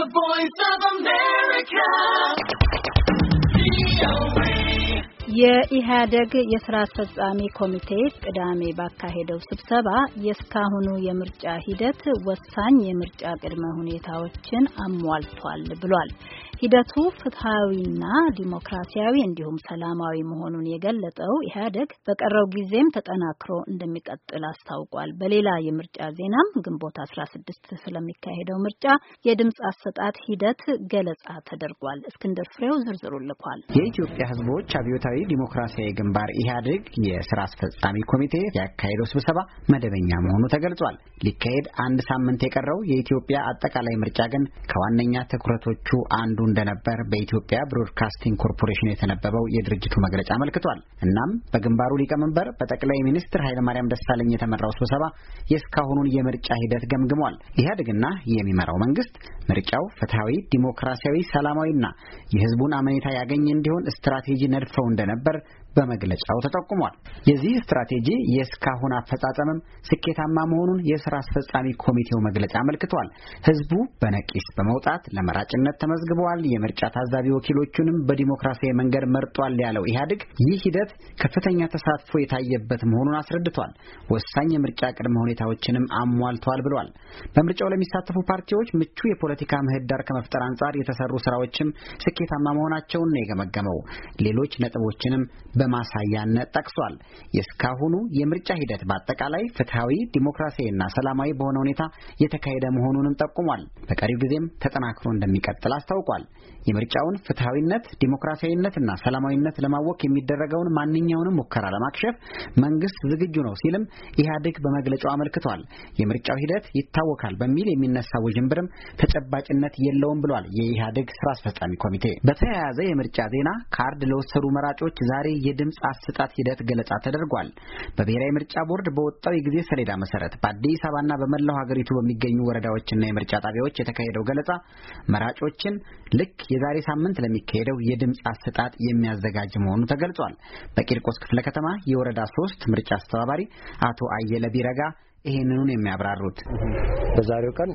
The Voice of America. የኢህአደግ የስራ አስፈጻሚ ኮሚቴ ቅዳሜ ባካሄደው ስብሰባ የእስካሁኑ የምርጫ ሂደት ወሳኝ የምርጫ ቅድመ ሁኔታዎችን አሟልቷል ብሏል። ሂደቱ ፍትሐዊና ዲሞክራሲያዊ እንዲሁም ሰላማዊ መሆኑን የገለጠው ኢህአደግ በቀረው ጊዜም ተጠናክሮ እንደሚቀጥል አስታውቋል። በሌላ የምርጫ ዜናም ግንቦት አስራ ስድስት ስለሚካሄደው ምርጫ የድምፅ አሰጣት ሂደት ገለጻ ተደርጓል። እስክንድር ፍሬው ዝርዝሩ ልኳል። የኢትዮጵያ ህዝቦች አብዮታዊ ዲሞክራሲያዊ ግንባር ኢህአዴግ የስራ አስፈጻሚ ኮሚቴ ያካሄደው ስብሰባ መደበኛ መሆኑ ተገልጿል። ሊካሄድ አንድ ሳምንት የቀረው የኢትዮጵያ አጠቃላይ ምርጫ ግን ከዋነኛ ትኩረቶቹ አንዱ እንደነበር በኢትዮጵያ ብሮድካስቲንግ ኮርፖሬሽን የተነበበው የድርጅቱ መግለጫ አመልክቷል። እናም በግንባሩ ሊቀመንበር በጠቅላይ ሚኒስትር ኃይለማርያም ደሳለኝ የተመራው ስብሰባ የእስካሁኑን የምርጫ ሂደት ገምግሟል። ኢህአዴግና የሚመራው መንግስት ምርጫው ፍትሐዊ፣ ዲሞክራሲያዊ፣ ሰላማዊና የህዝቡን አመኔታ ያገኝ እንዲሆን ስትራቴጂ ነድፈው እንደነበር በመግለጫው ተጠቁሟል። የዚህ ስትራቴጂ የእስካሁን አፈጻጸምም ስኬታማ መሆኑን የስራ አስፈጻሚ ኮሚቴው መግለጫ አመልክቷል። ህዝቡ በነቂስ በመውጣት ለመራጭነት ተመዝግበዋል፣ አስመርጧል፣ የምርጫ ታዛቢ ወኪሎቹንም በዲሞክራሲያዊ መንገድ መርጧል ያለው ኢህአዴግ ይህ ሂደት ከፍተኛ ተሳትፎ የታየበት መሆኑን አስረድቷል። ወሳኝ የምርጫ ቅድመ ሁኔታዎችንም አሟልቷል ብሏል። በምርጫው ለሚሳተፉ ፓርቲዎች ምቹ የፖለቲካ ምህዳር ከመፍጠር አንጻር የተሰሩ ስራዎችም ስኬታማ መሆናቸውን ነው የገመገመው። ሌሎች ነጥቦችንም በማሳያነት ጠቅሷል። የእስካሁኑ የምርጫ ሂደት በአጠቃላይ ፍትሐዊ፣ ዲሞክራሲያዊና ሰላማዊ በሆነ ሁኔታ የተካሄደ መሆኑንም ጠቁሟል። በቀሪው ጊዜም ተጠናክሮ እንደሚቀጥል አስታውቋል። የምርጫውን ፍትሐዊነት ዲሞክራሲያዊነትና ሰላማዊነት ለማወክ የሚደረገውን ማንኛውንም ሙከራ ለማክሸፍ መንግስት ዝግጁ ነው ሲልም ኢህአዴግ በመግለጫው አመልክቷል። የምርጫው ሂደት ይታወካል በሚል የሚነሳው ውዥንብርም ተጨባጭነት የለውም ብሏል የኢህአዴግ ስራ አስፈጻሚ ኮሚቴ። በተያያዘ የምርጫ ዜና ካርድ ለወሰዱ መራጮች ዛሬ የድምፅ አስጣት ሂደት ገለጻ ተደርጓል። በብሔራዊ ምርጫ ቦርድ በወጣው የጊዜ ሰሌዳ መሰረት በአዲስ አበባና በመላው ሀገሪቱ በሚገኙ ወረዳዎችና የምርጫ ጣቢያዎች የተካሄደው ገለጻ መራጮችን ልክ የዛሬ ሳምንት ለሚካሄደው የድምፅ አሰጣጥ የሚያዘጋጅ መሆኑ ተገልጿል። በቂርቆስ ክፍለ ከተማ የወረዳ ሶስት ምርጫ አስተባባሪ አቶ አየለ ቢረጋ ይህንኑን የሚያብራሩት በዛሬው ቀን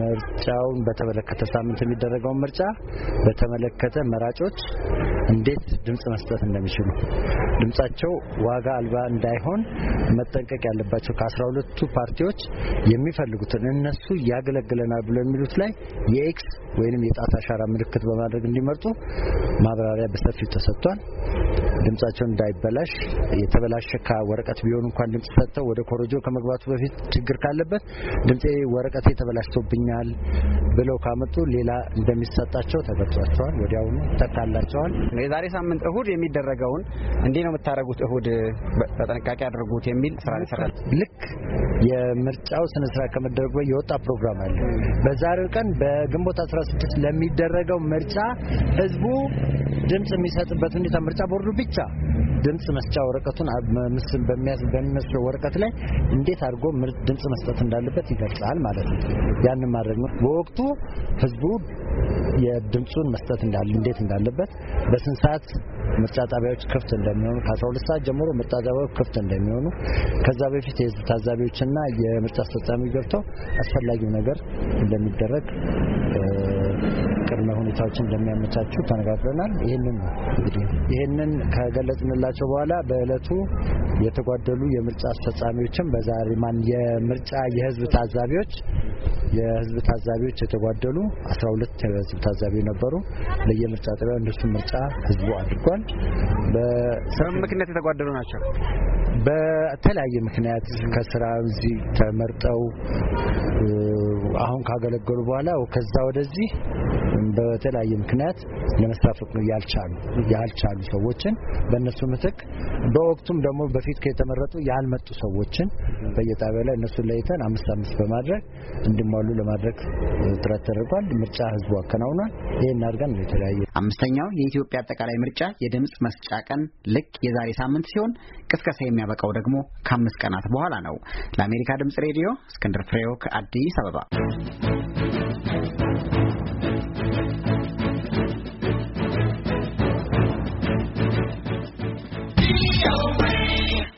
ምርጫውን በተመለከተ ሳምንት የሚደረገውን ምርጫ በተመለከተ መራጮች እንዴት ድምፅ መስጠት እንደሚችሉ ድምጻቸው ዋጋ አልባ እንዳይሆን መጠንቀቅ ያለባቸው ከአስራ ሁለቱ ፓርቲዎች የሚፈልጉትን እነሱ ያገለግለናል ብሎ የሚሉት ላይ የኤክስ ወይንም የጣት አሻራ ምልክት በማድረግ እንዲመርጡ ማብራሪያ በሰፊው ተሰጥቷል። ድምጻቸውን እንዳይበላሽ የተበላሸ ወረቀት ቢሆን እንኳን ድምጽ ሰጥተው ወደ ኮረጆ ከመግባ ከመምጣቱ በፊት ችግር ካለበት ድምፄ ወረቀቴ ተበላሽቶብኛል ብለው ካመጡ ሌላ እንደሚሰጣቸው ተገልጿቸዋል። ወዲያውኑ ተካላቸዋል። የዛሬ ሳምንት እሁድ የሚደረገውን እንዲህ ነው የምታደርጉት፣ እሁድ በጥንቃቄ አድርጉት የሚል ስራ ይሰራል። ልክ የምርጫው ስርዓት ከመደረጉ የወጣ ፕሮግራም አለ። በዛሬው ቀን በግንቦት 16 ለሚደረገው ምርጫ ህዝቡ ድምጽ የሚሰጥበት ሁኔታ ምርጫ ቦርዱ ብቻ ድምፅ መስጫ ወረቀቱን ምስል በሚመስለው ወረቀት ላይ እንዴት አድርጎ ምርጥ ድምፅ መስጠት እንዳለበት ይገልጻል ማለት ነው። ያንን ማድረግ ነው። በወቅቱ ህዝቡ የድምፁን መስጠት እንዳለ እንዴት እንዳለበት በስንት ሰዓት ምርጫ ጣቢያዎች ክፍት እንደሚሆኑ ከ12 ሰዓት ጀምሮ ምርጫ ጣቢያዎች ክፍት እንደሚሆኑ ከዛ በፊት የህዝብ ታዛቢዎችና የምርጫ አስፈጻሚ ገብተው አስፈላጊው ነገር እንደሚደረግ ቅድመ ሁኔታዎች እንደሚያመቻቹ ተነጋግረናል። ይህንን እንግዲህ ይህንን ከገለጽንላቸው በኋላ በእለቱ የተጓደሉ የምርጫ አስፈጻሚዎችም በዛሬ ማን የምርጫ የህዝብ ታዛቢዎች የህዝብ ታዛቢዎች የተጓደሉ አስራ ሁለት የህዝብ ታዛቢ ነበሩ። ለየምርጫ ጣቢያው እነሱ ምርጫ ህዝቡ አድርጓል። በምን ምክንያት የተጓደሉ ናቸው? በተለያየ ምክንያት ከስራ እዚህ ተመርጠው አሁን ካገለገሉ በኋላ ከዛ ወደዚህ በተለያየ ምክንያት ለመስራት ፍቅሩ ያልቻሉ ያልቻሉ ሰዎችን በእነሱ ምትክ በወቅቱም ደግሞ በፊት ከተመረጡ ያልመጡ ሰዎችን በየጣቢያ ላይ እነሱ ለይተን አምስት አምስት በማድረግ እንዲሟሉ ለማድረግ ጥረት ተደርጓል። ምርጫ ህዝቡ አከናውኗል። ይህን አድርገን ነው የተለያየ አምስተኛው የኢትዮጵያ አጠቃላይ ምርጫ የድምፅ መስጫ ቀን ልክ የዛሬ ሳምንት ሲሆን ቅስቀሳ የሚያበቃው ደግሞ ከአምስት ቀናት በኋላ ነው። ለአሜሪካ ድምፅ ሬዲዮ እስክንድር ፍሬው ከአዲስ አበባ